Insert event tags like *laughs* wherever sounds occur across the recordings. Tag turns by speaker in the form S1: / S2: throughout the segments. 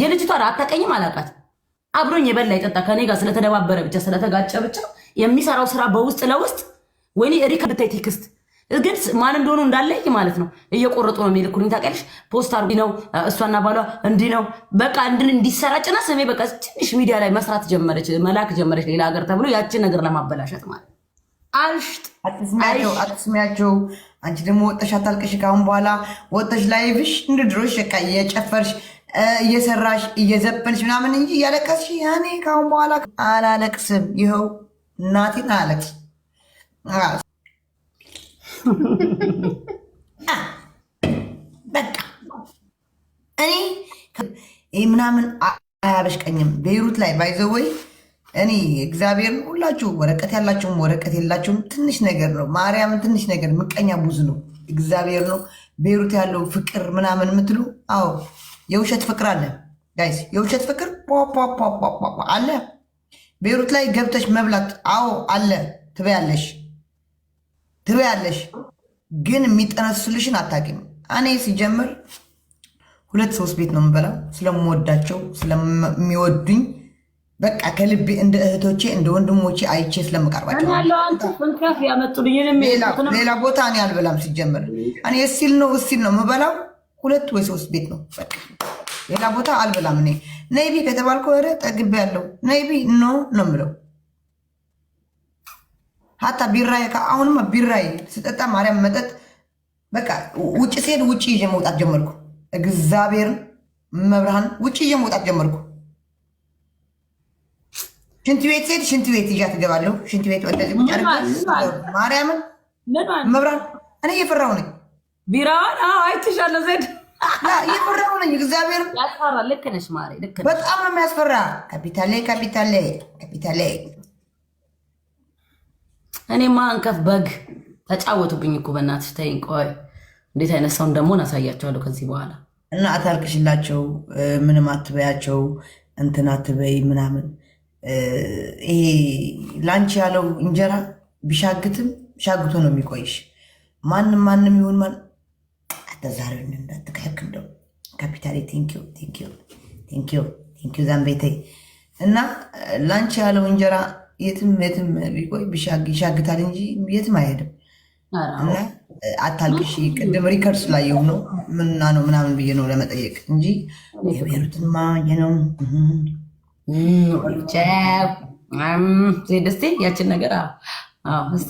S1: የልጅቷ አታቀኝም አላቃት አብሮኝ የበላ የጠጣ ከኔ ጋር ስለተደባበረ ብቻ ስለተጋጨ ብቻ የሚሰራው ስራ በውስጥ ለውስጥ ወይኔ ሪከ ብታይ ቴክስት ግን ማን እንደሆኑ እንዳለይ ማለት ነው እየቆረጡ ነው የሚልኩልኝ። ታውቂያለሽ ፖስት አርጉ ነው እሷና ባሏ እንዲህ ነው በቃ እንድን እንዲሰራጭና ስሜ በቃ ትንሽ ሚዲያ ላይ መስራት ጀመረች፣ መላክ ጀመረች ሌላ ሀገር ተብሎ ያችን ነገር ለማበላሸት ማለት አልሽጥ
S2: አትስሚያቸው። አንቺ ደግሞ ወጠሽ አታልቅሽ። ካሁን በኋላ ወጠሽ ላይብሽ እንደ ድሮሽ በቃ እየጨፈርሽ እየሰራሽ እየዘፈንሽ ምናምን እንጂ እያለቀስሽ ያኔ ካሁን በኋላ አላለቅስም። ይኸው እናቴን አላለቅስ በቃ እኔ ምናምን አያበሽቀኝም። ቤይሩት ላይ ባይዘወይ እኔ እግዚአብሔር ሁላችሁ ወረቀት ያላችሁም ወረቀት የላችሁም ትንሽ ነገር ነው። ማርያምን ትንሽ ነገር ምቀኛ ብዙ ነው። እግዚአብሔር ነው ቤይሩት ያለው ፍቅር ምናምን የምትሉ አዎ የውሸት ፍቅር አለ ጋይስ፣ የውሸት ፍቅር አለ። ቤሩት ላይ ገብተሽ መብላት፣ አዎ አለ። ትበያለሽ ትበያለሽ፣ ግን የሚጠነሱልሽን አታውቂም። እኔ ሲጀምር ሁለት ሶስት ቤት ነው የምበላው፣ ስለምወዳቸው ስለሚወዱኝ በቃ ከልቤ እንደ እህቶቼ እንደ ወንድሞቼ አይቼ ስለምቀርባቸው ሌላ ቦታ እኔ አልበላም። ሲጀምር እኔ ነው እስቲል ነው የምበላው ሁለት ወይ ሶስት ቤት ነው። በቃ ሌላ ቦታ አልበላም። እኔ ነይቢ ከተባልኩ ኧረ ጠግቤ ያለው ነይቢ ኖ ነው የምለው። ሀታ ቢራዬ አሁንማ ቢራይ ስጠጣ ማርያም መጠጥ በቃ ውጭ ሲሄድ ውጭ ይዤ መውጣት ጀመርኩ። እግዚአብሔር መብርሃን ውጭ ይዤ መውጣት ጀመርኩ። ሽንት ቤት ሲሄድ ሽንት ቤት ይዣት እገባለሁ። ሽንት ቤት ወደ ማርያምን መብርሃን እኔ እየፈራሁ ነኝ
S1: ቢራዋን አይትሻለ ዘድ
S2: እየፈራሁ ነኝ። እግዚአብሔር
S1: ያስፈራ። ልክ ነሽ ማሬ፣
S2: ልክ ነሽ። በጣም ነው የሚያስፈራ። ካፒታሌ ካፒታሌ ካፒታሌ።
S1: እኔ ማንከፍ በግ ተጫወቱብኝ እኮ በእናትሽ። ተይኝ ቆይ፣ እንዴት አይነት ሰው እንደምሆን አሳያቸዋለሁ ከዚህ በኋላ።
S2: እና አታልቅሽላቸው፣ ምንም አትበያቸው፣ እንትን አትበይ ምናምን። ይሄ ላንቺ ያለው እንጀራ ቢሻግትም ሻግቶ ነው የሚቆይሽ። ማንም ማንም ይሁን ተዛሬውን እንዳትከክ እንደው ካፒታሌ ቴንኪዩ ቴንኪዩ ቴንኪዩ ቴንኪዩ ዛንቤቴ እና ላንቺ ያለው እንጀራ የትም የትም ቢቆይ ይሻግታል እንጂ የትም አይሄድም። እና አታልቅሽ። ቅድም ሪከርስ ላይ የሆነው ምና ነው ምናምን ብዬ ነው ለመጠየቅ እንጂ የቤሩትማ ነው
S1: ደስቴ ያችን ነገር ስ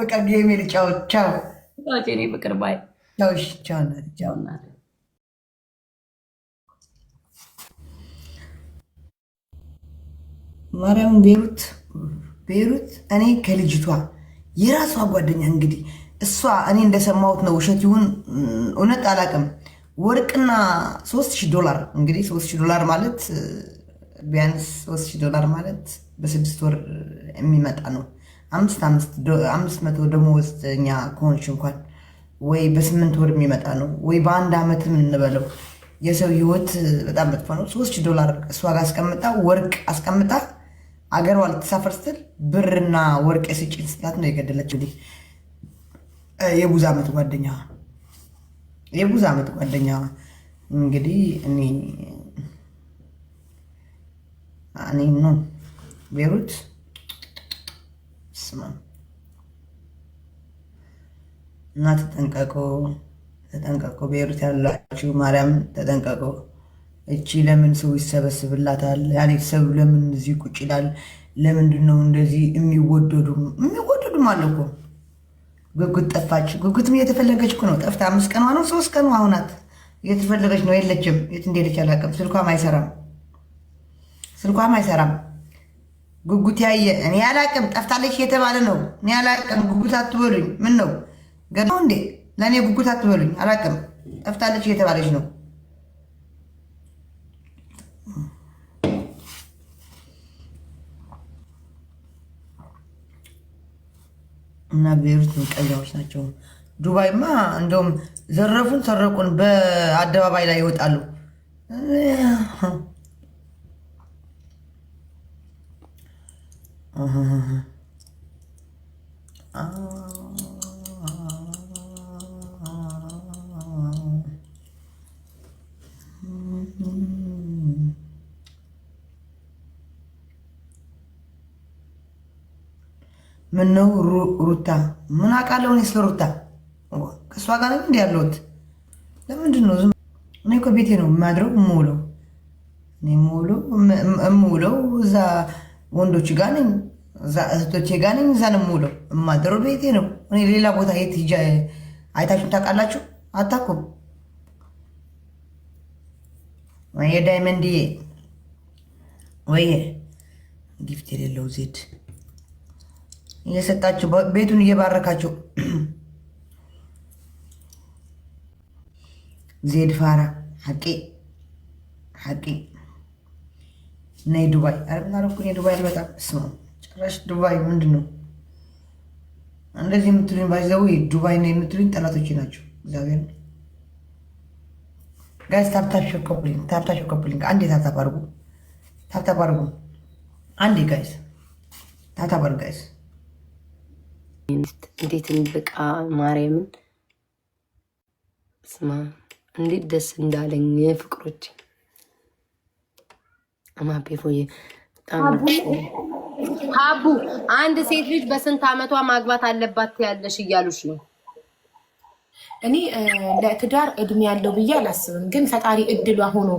S2: በቃ ጌሜ ልጫወት ቻው ኔ ፍቅር ባይ ማርያም ቤሩት ቤሩት እኔ ከልጅቷ የራሷ ጓደኛ እንግዲህ እሷ እኔ እንደሰማሁት ነው፣ ውሸት ይሁን እውነት አላውቅም። ወርቅና ሶስት ሺህ ዶላር እንግዲህ ሶስት ሺህ ዶላር ማለት ቢያንስ ሶስት ሺህ ዶላር ማለት በስድስት ወር የሚመጣ ነው። አምስት መቶ መቶ ውስጥ እኛ ከሆንሽ እንኳን ወይ በስምንት ወር የሚመጣ ነው ወይ በአንድ ዓመትም እንበለው የሰው ህይወት በጣም መጥፎ ነው። ሶስት ዶላር እሷ ጋር አስቀምጣ ወርቅ አስቀምጣ አገሯ ልትሳፈር ስትል ብርና ወርቅ የስጭን ስላት ነው የገደለች። እንግዲህ የብዙ ዓመት ጓደኛ የብዙ ዓመት ጓደኛ እንግዲህ እኔ እኔ ነው ቤሩት በስመ እና ተጠንቀቁ፣ ተጠንቀቁ። ቤሩት ያላችሁ ማርያም ተጠንቀቁ። እቺ ለምን ሰው ይሰበስብላታል? ያኔ ሰው ለምን እዚህ ቁጭ ይላል? ለምንድን ነው እንደዚህ የሚወደዱ የሚወደዱም አለ እኮ ጉጉት ጠፋች። ጉጉትም እየተፈለገች እኮ ነው። ጠፍታ አምስት ቀኗ ነው ሶስት ቀኗ አሁናት እየተፈለገች ነው። የለችም። የት እንደሄደች አላውቅም። ስልኳም አይሰራም። ስልኳም አይሰራም። ጉጉት ያየ እኔ አላቅም። ጠፍታለች የተባለ ነው። እኔ አላቅም። ጉጉት አትበሉኝ። ምን ነው ገና እንዴ? ለእኔ ጉጉት አትበሉኝ። አላቅም። ጠፍታለች የተባለች ነው። እና ቤሩት ቀያዎች ናቸው። ዱባይማ እንደውም ዘረፉን ሰረቁን በአደባባይ ላይ ይወጣሉ። ምን ነው ሩታ ምን አውቃለሁ እኔ ስለ ሩታ ከእሷ ጋር ነው እንዲ ያለሁት ለምንድን ነው ዝም እኔ እኮ ቤቴ ነው የማድረው የምውለው እኔ የምውለው እዛ ወንዶች ጋር ነኝ እህቶቼ ጋር ነኝ። እዛ ነው የምውለው፣ የማደረው ቤቴ ነው። እኔ ሌላ ቦታ የት ሂጅ አይታችሁም ታውቃላችሁ? አታውቁም። የዳይመንድ ወይ ጊፍት የሌለው ዜድ እየሰጣችሁ ቤቱን እየባረካችሁ *clears throat* ዜድ ፋራ ሐቂ ሐቂ ነይ ዱባይ አረብና ረኩን ዱባይ አልመጣም ስማ ጭራሽ ዱባይ ምንድን ነው እንደዚህ የምትሉኝ? ባይዘው ዱባይ ነው የምትሉኝ ጠላቶች ናቸው። እግዚአብሔር ጋይስ ታፕታፕ ሾኮፕሊንግ ታፕታፕ ሾኮፕሊንግ አንዴ ታፕታፕ አድርጉ፣ ታፕታፕ አድርጉ፣ አንዴ ጋይስ ታፕታፕ አድርጉ ጋይስ።
S1: እንዴት እንብቃ ማርያምን ስማ፣ እንዴት ደስ እንዳለኝ ፍቅሮች አማፔፎዬ በጣም ሀቡ አንድ ሴት ልጅ በስንት አመቷ ማግባት አለባት ያለሽ እያሉሽ ነው። እኔ ለትዳር እድሜ ያለው ብዬ አላስብም፣ ግን ፈጣሪ እድሏ ሆኖ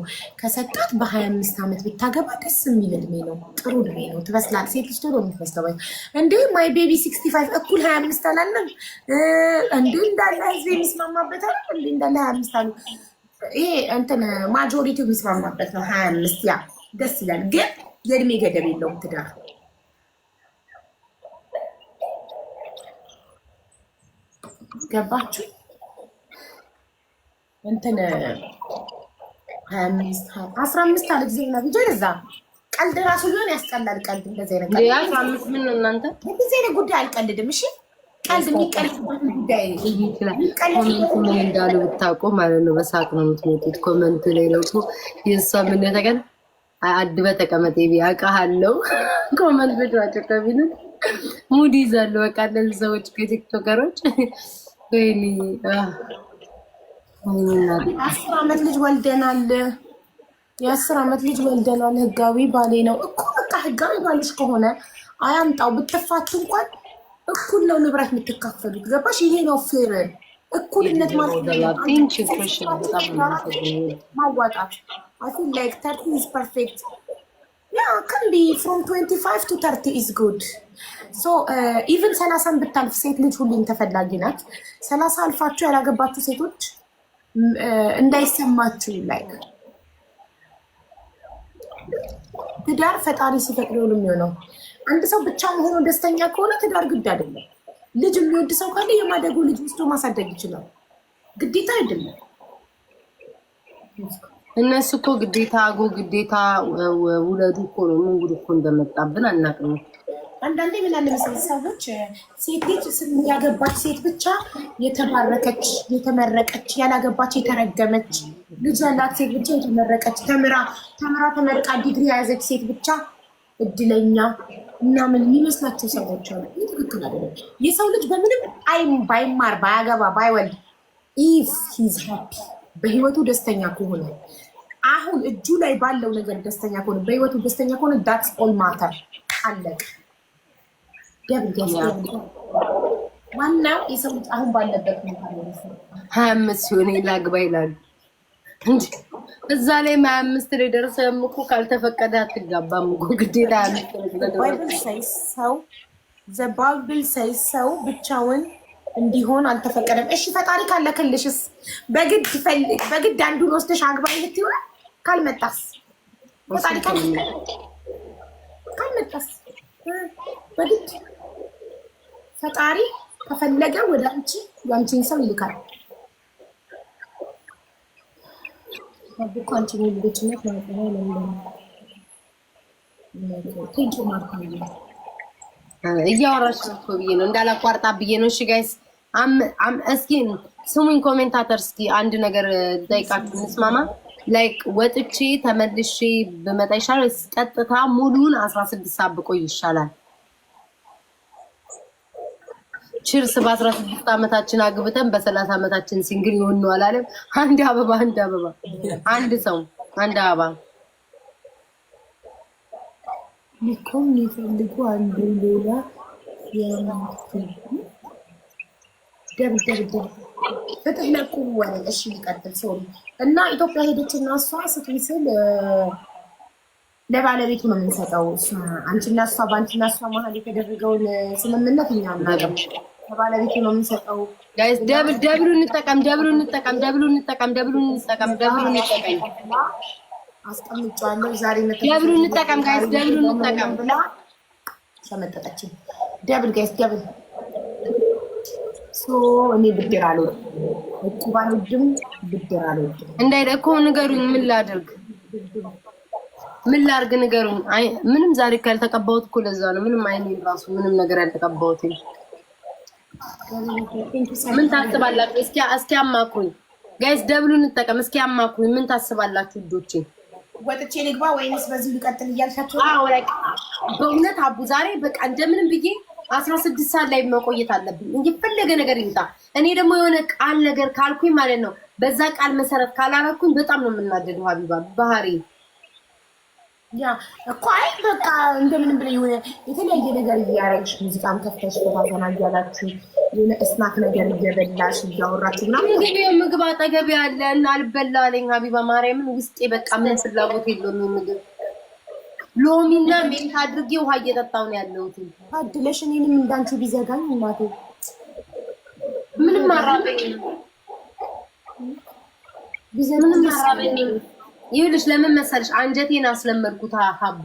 S1: ከሰጣት በ25 ዓመት ብታገባ ደስ የሚል እድሜ ነው። ጥሩ እድሜ ነው። ትበስላል። ሴት ልጅ ቶሎ የምትበስለው እንዴ። ማይ ቤቢ 65 እኩል 25 አላለም እንዴ? እንዳለ ህዝብ የሚስማማበት አለ እንዴ? እንዳለ 25 አሉ። ይሄ እንትን ማጆሪቲው የሚስማማበት ነው 25። ያ ደስ ይላል። ግን የእድሜ ገደብ የለውም ትዳር ገባችሁ? እንትን ሀያ አስራ አምስት አለ ጊዜ ነው እንጂ እዛ ቀልድ ራሱ ቢሆን ያስቀላል። ቀልድ እንደዚህ አይነት
S2: ቀልድ አስራ አምስት ምን ነው እናንተ
S1: ጊዜ ጉዳይ አልቀልድም። እሺ ቀልድ የሚቀልድበት ጉዳይ
S2: ምን እንዳሉ ብታውቁ ማለት ነው። በሳቅ ነው ላይ የእሷ ምን ተቀን አድበ ኮመንት ሙድ ይዛሉ። በቃ እነዚህ ሰዎች ከቲክቶከሮች ወይኔ
S1: አስር ዓመት ልጅ ወልደናል። የአስር ዓመት ልጅ ወልደናል። ህጋዊ ባሌ ነው እኮ በቃ ህጋዊ ባልሽ ከሆነ አያምጣው ብትፋቱ እንኳን እኩል ነው ንብረት የምትካፈሉት። ገባሽ? ይሄ ነው ፌር እኩልነት ማለት ማዋጣት አይ ላይክ ኢዝ ፐርፌክት ያ ካን ቢ ፍሮም 25 ቱ 30 ኢዝ ጉድ ሶ ኢቭን ሰላሳን ብታልፍ ሴት ልጅ ሁሌም ተፈላጊ ናት። ሰላሳ አልፋችሁ ያላገባችሁ ሴቶች እንዳይሰማችሁ ላይ ትዳር ፈጣሪ ሲፈቅደው ነው የሚሆነው። አንድ ሰው ብቻ ሆኖ ደስተኛ ከሆነ ትዳር ግድ አይደለም። ልጅ የሚወድ ሰው ካለ የማደጉ ልጅ ወስዶ ማሳደግ ይችላል። ግዴታ አይደለም።
S2: እነሱ እኮ ግዴታ አጎ ግዴታ ውለዱ እኮ ነው። ምን ጉድ እኮ እንደመጣብን አናውቅም።
S1: አንዳንዴ ምን አለ መሰለኝ ሰዎች ሴት ልጅ ስም ያገባች ሴት ብቻ የተባረከች የተመረቀች፣ ያላገባች የተረገመች፣ ልጅ ያላት ሴት ብቻ የተመረቀች፣ ተምራ ተምራ ተመርቃ ዲግሪ የያዘች ሴት ብቻ እድለኛ እና ምን የሚመስላቸው ሰዎች አሉ። ትክክል አይደለም። የሰው ልጅ በምንም አይም ባይማር ባያገባ ባይወልድ ኢፍ ሂዝ ሃፒ በህይወቱ ደስተኛ ከሆነ አሁን እጁ ላይ ባለው ነገር ደስተኛ ከሆነ በህይወቱ ደስተኛ ከሆነ ዳትስ ኦል ማተር አለ። ዋናው የሰው ልጅ አሁን ባለበት
S2: ሀያ አምስት ሲሆን ላግባ ይላሉ። እዛ ላይ ሀያ አምስት ላይ ደርሰህም እኮ ካልተፈቀደ አትጋባም እኮ ግዴታ።
S1: ሰው ባይብል ሰይ ሰው ብቻውን እንዲሆን አልተፈቀደም። እሺ ፈጣሪ ካለክልሽስ በግድ በግድ አንዱን ወስደሽ አግባኝ ልትሆናል ካልመጣስ ፈጣሪ ካልመጣስ በግድ ፈጣሪ ከፈለገ ወደ አንቺ የአንቺን ሰው ይልካል። አንቺ
S2: እያወራች እኮ ብዬ ነው እንዳላቋርጣ ብዬ ነው። እሺ ጋይስ እስኪ ስሙኝ፣ ኮሜንታተር እስኪ አንድ ነገር ጠይቃችሁ እንስማማ። ላይክ ወጥቼ ተመልሼ ብመጣ ይሻላል ወይስ ቀጥታ ሙሉን አስራ ስድስት ሰዓት ብቆይ ይሻላል? ችርስ በአስራ ስድስት ዓመታችን አግብተን በሰላሳ ዓመታችን ሲንግል ይሆን አላለም። አንድ አበባ አንድ አበባ አንድ ሰው አንድ አበባ
S1: ሊኮም ሊፈልጉ አንዱ ሌላ ደብደብደብ ፍትህ ለቁ ወሬ። እሺ ሊቀጥል ሰው እና ኢትዮጵያ ሄደችና እሷ ስትምስል ለባለቤቱ ነው የምንሰጠው። አንቺና እሷ በአንቺና እሷ መሀል የተደረገውን ስምምነት እኛ እናቀም ከባለቤቱ ነው የምንሰጠው።
S2: ደብሉ እንጠቀም፣ ደብሉ እንጠቀም፣ ደብሉ እንጠቀም፣ ደብሉ እንጠቀም፣ ደብሉ እንጠቀም
S1: አስቀምጫዋለሁ። ዛሬ
S2: ደብሉ እንጠቀም ጋይስ፣ ደብሉ እንጠቀም ብላ
S1: ሸመጠጠችን።
S2: ደብል ጋይስ፣ ደብል
S1: ሶ እኔ ብድር አልወድም፣ እቁብ አልወድም፣ ብድር አልወድም።
S2: እንዳይደ እኮ ንገሩኝ፣ ምን ላድርግ? ምን ላድርግ ንገሩኝ። ምንም ዛሬ ያልተቀባሁት እኮ ለዛ ነው። ምንም አይኔ ራሱ ምንም ነገር ያልተቀባሁት። ምን ታስባላችሁ? እስኪ እስኪ አማክሩኝ ጋይስ፣ ደብሉ እንጠቀም። እስኪ አማክሩኝ። ምን ታስባላችሁ ውዶቼ?
S1: ወጥቼ ልግባ ወይንስ በዚህ ልቀጥል እያልሻቸው?
S2: በእውነት አቡ ዛሬ በቃ እንደምንም ብዬ አስራ ስድስት ሰዓት ላይ መቆየት አለብኝ እንጂ ነገር ይምጣ። እኔ ደግሞ የሆነ ቃል ነገር ካልኩኝ ማለት ነው በዛ ቃል መሰረት ካላረኩኝ በጣም ነው የምናደደው። ሀቢባ ባህሪ
S1: ያ እኮ አይ በቃ እንደምንም ብለ የሆነ የተለያየ ነገር እያረግሽ ሙዚቃም ከፍተሽ ቦታዘና እያላችሁ የሆነ እስናክ ነገር እየበላሽ እያወራችሁ
S2: ምናምን ምግብ አጠገብ ያለ ያለን አልበላለኝ ሀቢባ ማርያምን ውስጤ በቃ ምን ፍላጎት የለውም ምግብ
S1: ሎሚና ሜንት አድርጌ ውሃ እየጠጣሁ ነው ያለሁት። አድለሽ እኔንም እንዳንቺ ቢዘጋኝ እናቴ
S2: ምንም አራበኝ ምንም አራበኝ። ይኸውልሽ ለምን መሰለሽ አንጀቴን አስለመድኩት። ሀቡ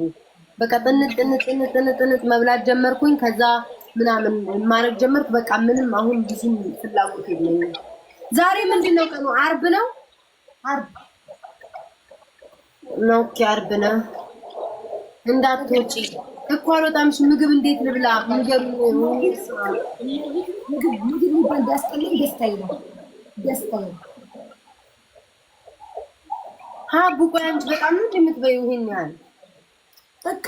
S2: በቃ ጥንጥ ጥንጥ ጥንጥ ጥንጥ መብላት ጀመርኩኝ። ከዛ ምናምን ማድረግ ጀመርኩ። በቃ ምንም አሁን ብዙም ፍላጎት የለኝም። ዛሬ ምንድን ነው ቀኑ? አርብ ነው። አርብ ነው። ኦኬ አርብ ነው። እንዳትወጪ እኮ አልወጣምሽ። ምግብ እንዴት ልብላ?
S1: ምግብ ሚባል ቢያስጠላኝ ደስታዬ ነው ደስታዬ ነው።
S2: ሀቡ ቆይ አንቺ በጣም ነው የምትበይው ይሄን ያህል
S1: በቃ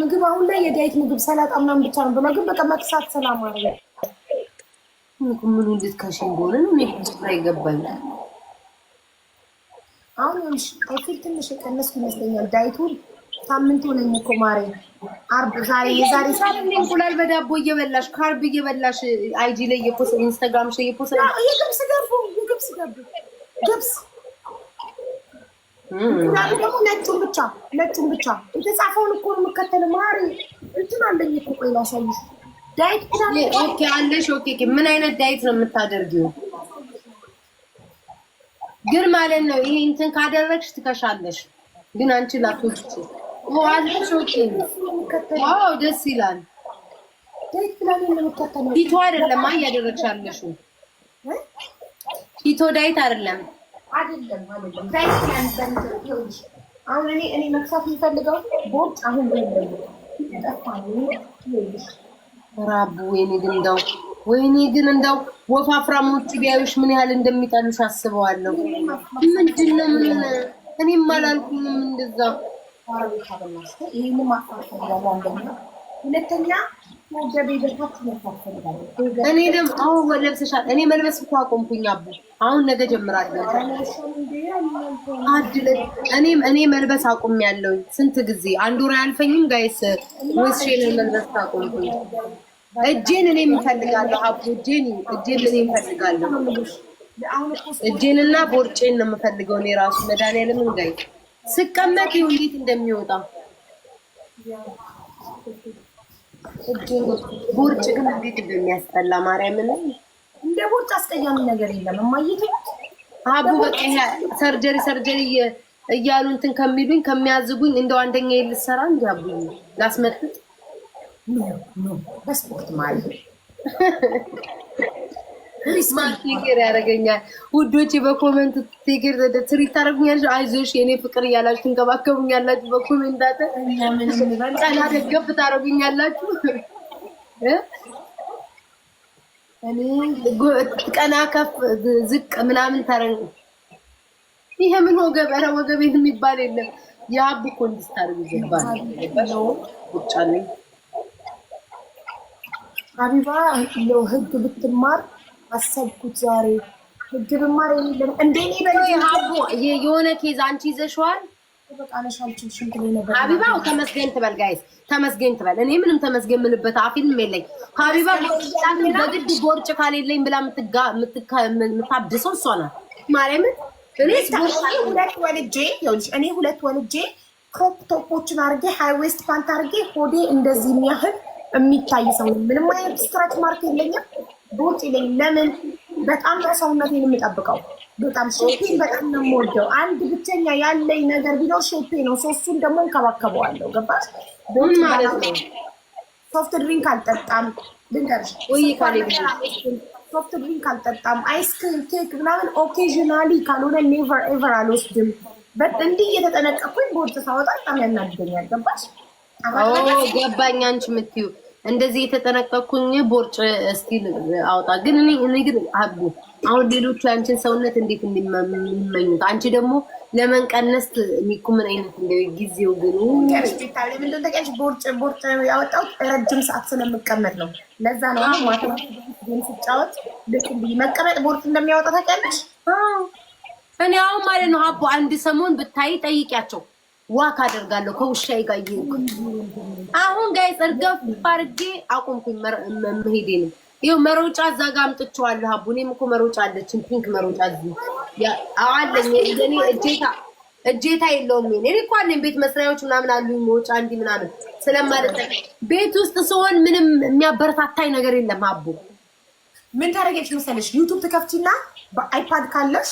S1: ምግብ አሁን ላይ የዳይት ምግብ ሰላጣ ምናምን ብቻ ነው ብለው ግን በቃ መቅሳት ሰላም አለ
S2: ምኑ ልትከሽ እንደሆነ ነው እኔ አይገባኝ።
S1: አሁን ትንሽ የቀነስኩ ይመስለኛል ዳይቱን ሳምንቱ ነኝ እኮ ማሬ። አርብ ዛሬ የዛሬ
S2: ሳምንት እንቁላል በዳቦ እየበላሽ ካርብ እየበላሽ አይጂ ላይ የፖስ ኢንስታግራም ላይ እየፖሰ
S1: የገብስ ዳቦ የገብስ ዳቦ ገብስ እንቁላሉ ደግሞ ነጩን ብቻ ነጩን ብቻ የተጻፈውን እኮ ነው የምከተለው ማሬ። እንትን አለኝ እኮ ቆይ ላሳይሽ።
S2: ዳይት ኦኬ አለሽ። ኦኬ ምን አይነት ዳይት ነው የምታደርጊው? ግን ማለት ነው ይሄ እንትን ካደረግሽ ትከሻለሽ። ግን አንቺ ላቶች ዋው ደስ ይላል። ቲቶ አይደለም እያደረግሽ ያለሽው ፊቶ ዳይት አይደለም።
S1: አሁን እኔ እኔ መክሳት የሚፈልገው ቦርጭ አሁን
S2: ራቡ ወይኔ ግን እንደው ወይኔ ግን እንደው ወፋፍራሞቹ ቢያዩሽ ምን ያህል እንደሚጠሉሽ አስበዋለሁ። ምንድነው ምን እኔም አላልኩኝም እንደዛ ሁለተኛ ለብሰሻል። እኔ ደም እኔ መልበስ እኮ አቆምኩኝ። አቡ አሁን ነገ ጀምራለሁ። እኔም እኔ መልበስ አቁም ያለው ስንት ጊዜ አንድ ወር አያልፈኝም። ጋይስ ወስሽን መልበስ አቆምኩኝ። እጄን እኔ የምፈልጋለሁ አቡ እጄን እጄን እኔ የምፈልጋለሁ። እጄንና ቦርጬን ነው የምፈልገው እኔ ራሱ መድኃኒዓለምን ጋይስ ስቀመጥ ይሁን እንዴት እንደሚወጣ ቦርጭ ግን እንዴት እንደሚያስጠላ ማርያምን።
S1: እንደ ቦርጭ አስቀያሚ ነገር የለም። እማየት
S2: አቡ በቃ ሰርጀሪ ሰርጀሪ እያሉ እንትን ከሚሉኝ ከሚያዝጉኝ እንደው አንደኛ ልሰራ እንዲ አቡ ላስመጥጥ
S1: በስፖርት ማለት *laughs*
S2: ቴጌር ያደርገኛል። ውዶች በኮመንት ቴጌር ትሪት ታደርጉኛለች። አይዞሽ የእኔ ፍቅር እያላችሁ ትንከባከቡኛላችሁ። በኮመንት አጠ ቀላ ደገፍ ቀና ከፍ ዝቅ ምናምን ታደርጉ። ይሄ ምን ወገብ ረ ወገብ የሚባል የለም። የሀብ እኮ እንድታደርጉ ይገባል። ብቻ ነኝ
S1: አቢባ ህግ ብትማር አሰብኩት ዛሬ ህግ ብማር የለም እንዴ
S2: የሆነ ኬዝ አንቺ ይዘሽዋል። ሀቢባው ተመስገን ትበል፣ ጋይስ ተመስገን ትበል። እኔ ምንም ተመስገን አፊልም የለኝ። ሀቢባ በግድ ቦርጭ ካሌለኝ ብላ የምታብድሰው እሷ ናት። ማርያምን
S1: እኔ ሁለት ወልጄ ክሮፕ ቶፖችን ሃይ ዌስት ፓንት ሆዴ እንደዚህ የሚያህል የሚታይ ሰው ምንም አይነት ማርክ የለኝም። ቦጭ ይለኝ ለምን በጣም ሰውነቴን የምጠብቀው በጣም ሾፔን በጣም ነው የምወደው። አንድ ብቸኛ ያለኝ ነገር ቢለው ሾፔ ነው። ሶሱን ደግሞ እንከባከበዋለሁ። ገባ ሶፍት ድሪንክ አልጠጣም፣ ልንገርሽ፣ ሶፍት ድሪንክ አልጠጣም። አይስክሪም፣ ኬክ ምናምን ኦኬዥናሊ ካልሆነ ኔቨር ኤቨር አልወስድም። እንዲህ እየተጠነቀኩኝ በውጭ ሳወጣ በጣም ያናድገኛል። ገባሽ?
S2: ገባኝ አንቺ የምትይው እንደዚህ የተጠነቀቅኩኝ ቦርጭ ስቲል አውጣ። ግን እኔ እኔ ግን አቡ አሁን ሌሎቹ የአንችን ሰውነት እንዴት እንዲመኙት አንቺ ደግሞ ለመንቀነስ ሚኩ ምን አይነት እንደ ጊዜው ግን
S1: ቦርጭ ቦርጭ ያወጣው ረጅም ሰዓት ስለምቀመጥ ነው። ለዛ ነው ማታ ስጫወት ልክ መቀመጥ ቦርጭ እንደሚያወጣ ታውቂያለሽ።
S2: እኔ አሁን ማለት ነው አቡ አንድ ሰሞን ብታይ ጠይቂያቸው ዋክ አደርጋለሁ ከውሻዬ ጋር አሁን ጋይ ጸርገፍ አድርጌ አቁምኩኝ። መሄዴ ነው። ይኸው መሮጫ እዛ ጋር አምጥቼዋለሁ። አቡ እኔም እኮ መሮጫ አለችን፣ ፒንክ መሮጫ እዚህ አለኝ። እኔ እጄታ እጄታ የለውም። እኔ እኮ አለኝ ቤት መስሪያዎች ምናምን አሉ፣ መውጫ እንዲህ ምናምን ስለማለት ቤት ውስጥ ስሆን ምንም የሚያበረታታኝ ነገር የለም። አቡ
S1: ምን ታደርጊያለሽ መሰለሽ ዩቱብ ትከፍቺና በአይፓድ ካለሽ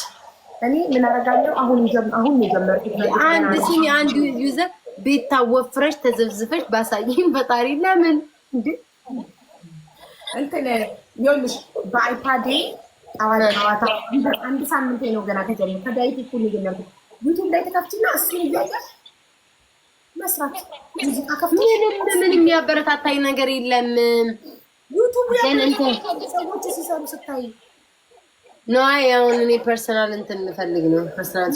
S1: እኔ ምን አደርጋለሁ? አሁን አሁን የጀመርኩት
S2: አንድ ሲኒ አንድ ዩዘር ቤታ ወፍረሽ ተዘብዝፈሽ ባሳይን በጣሪ ለምን
S1: እንትን ይኸውልሽ፣ በአይፓዴ ጠዋት ጠዋት አንድ ሳምንት ነው ገና ከጀመረ ከዳይት እኩል የጀመርኩት ዩቱብ ላይ ተከፍትና እሱን እያየሽ መስራት
S2: ሙዚቃ ከፍቶ ምንም የሚያበረታታኝ ነገር የለም።
S1: ዩቱብ ላይ ሰዎች ሲሰሩ ስታይ
S2: ነዋይ አሁን እኔ ፐርሰናል እንትን እንፈልግ ነው። ፐርሰናል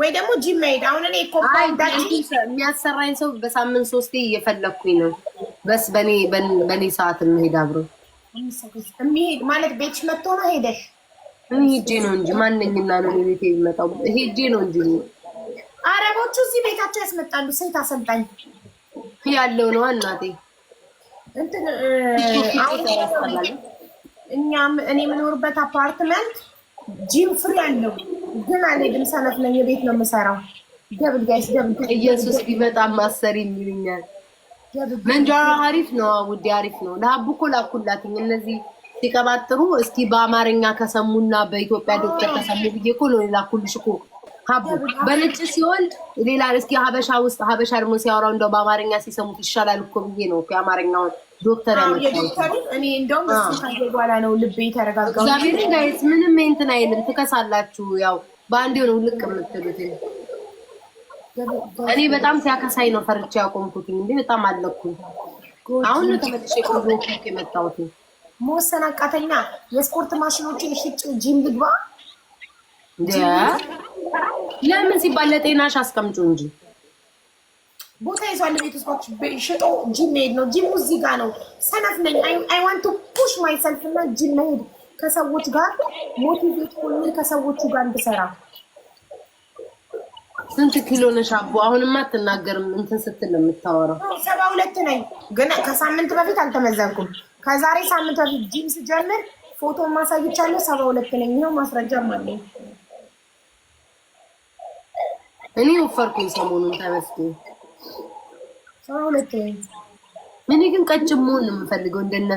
S1: ወይ ደግሞ ጂሜይል አሁን እኔ
S2: የሚያሰራኝ ሰው በሳምንት ሶስቴ እየፈለግኩኝ ነው። በስ በእኔ ሰዓት እንሄድ አብሮ
S1: የሚሄድ ማለት ቤትሽ መጥቶ ነው ሄደሽ
S2: ሄጄ ነው እንጂ ማነኝና ነው ቤት የሚመጣው ሄጄ ነው እንጂ
S1: አረቦቹ እዚህ ቤታቸው ያስመጣሉ። ሴት አሰልጣኝ
S2: ያለው ነዋ እናቴ
S1: እኛም እኔ የምኖርበት አፓርትመንት ጂም ፍሪ አለው፣ ግን አልሄድም። ሰነፍ ነኝ። ቤት ነው የምሰራው። ደብል ጋይስ ደብል
S2: ኢየሱስ ቢመጣ ማሰሪ የሚሉኛል። መንጃራ አሪፍ ነው ውዴ፣ አሪፍ ነው። ለአቡ እኮ ላኩላትኝ እነዚህ ሲቀባጥሩ። እስኪ በአማርኛ ከሰሙና በኢትዮጵያ ዶክተር ከሰሙ ብዬ እኮ ላኩልሽ እኮ ሀቡ በነጭ ሲሆን ሌላ እስኪ ሀበሻ ውስጥ ሀበሻ ደግሞ ሲያወራው እንደው በአማርኛ ሲሰሙት ይሻላል እኮ ብዬ ነው የአማርኛውን ዶክተር
S1: ያመጣእኔ እንደውም በኋላ ነው ልቤ ተረጋጋ።
S2: እግዚአብሔር ጋይስ ምንም እንትን አይልም። ትከሳላችሁ። ያው በአንድ የሆነ ውልቅ የምትሉት እኔ በጣም ሲያከሳይ ነው ፈርቼ ያቆምኩት። እንዴ በጣም አለኩ። አሁን ነው ተመልሼ ቆንጆ የመጣሁት።
S1: መወሰን አቃተኛ። የስፖርት ማሽኖችን ሽጭ ጂም ልግባ
S2: ለምን ሲባል ለጤናሽ አስቀምጩ እንጂ
S1: ቦታ ይዞ አንድ ቤት ውስጥ ሽጦ ጂም መሄድ ነው። ጂም እዚህ ጋ ነው። ሰነፍ ነኝ። አይ ዋንት ቱ ፑሽ ማይሰልፍ እና ጂም መሄድ ከሰዎች ጋር ሞቲቬት ሆኜ ከሰዎቹ ጋር እንድሰራ።
S2: ስንት ኪሎ ነሽ አቦ? አሁንማ አትናገርም። እንትን ስትል ነው የምታወራው።
S1: ሰባ ሁለት ነኝ፣ ግን ከሳምንት በፊት አልተመዘንኩም። ከዛሬ ሳምንት በፊት ጂም ስጀምር ፎቶ ማሳይቻለሁ። ሰባ ሁለት ነኝ። ይኸው ማስረጃም አለኝ።
S2: እኔ ወፈርኩኝ ሰሞኑን ተመስገን። ሰው ሁለት እኔ ግን ቀጭን መሆን ነው የምፈልገው እንደነ